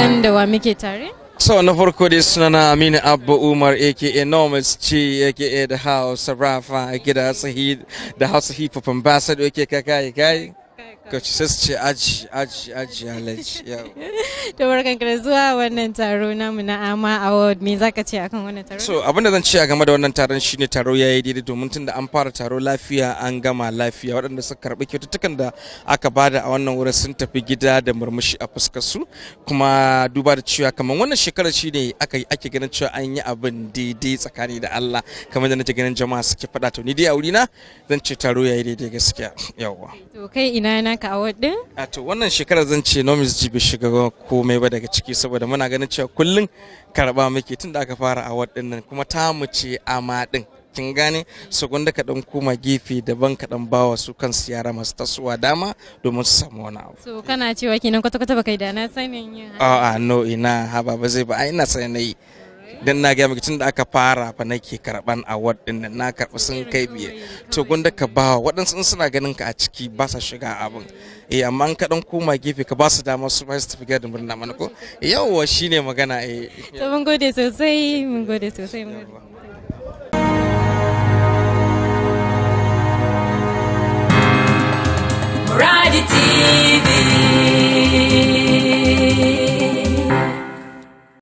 san da wa muke tare? So na farko dai na Aminu Abba Umar aka Enormous Chi aka da House Rafa aka da Hausa Hip Hop Ambassador aka Kakai Kai. lokaci sai su ce aji aji aji yau. da barkan ka zuwa wannan taro namu na ama award me ka ce akan wannan taro so abin da zan ce a game da wannan taron shine taro ya yi daidai domin tun da an fara taro lafiya an gama lafiya waɗanda suka karɓi kyaututtukan da aka bada a wannan wurin sun tafi gida da murmushi a fuskar su kuma duba da cewa kamar wannan shekarar shine aka ake ganin cewa an yi abin daidai tsakani da Allah kamar da nake ganin jama'a suke faɗa to ni dai a wurina zan ce taro ya yi daidai gaskiya yawa to kai ina na ka a A to wannan shekarar zan ce Nomis ji bai shiga komai ba daga ciki saboda muna ganin cewa kullum karba muke tun da aka fara a din nan kuma ta mu ce a din. kin gane su gunda ka dan koma gefe daban ka dan bawa su kan yara masu tasowa dama domin su samu wani abu so kana cewa kenan kwata kwata kai da na sanin yin a no ina haba ba zai ba a ina sanin yi. dan na gaya maka tun da aka fara fa nake karban award din nan na karbi sun kai biye to gunda ka ba waɗansu suna ganin ka a ciki ba sa shiga abin eh amma an ka dan koma gefe ka ba su dama su ba su tafi da murna mana ko yawwa shine magana eh to mun gode sosai mun gode sosai mun gode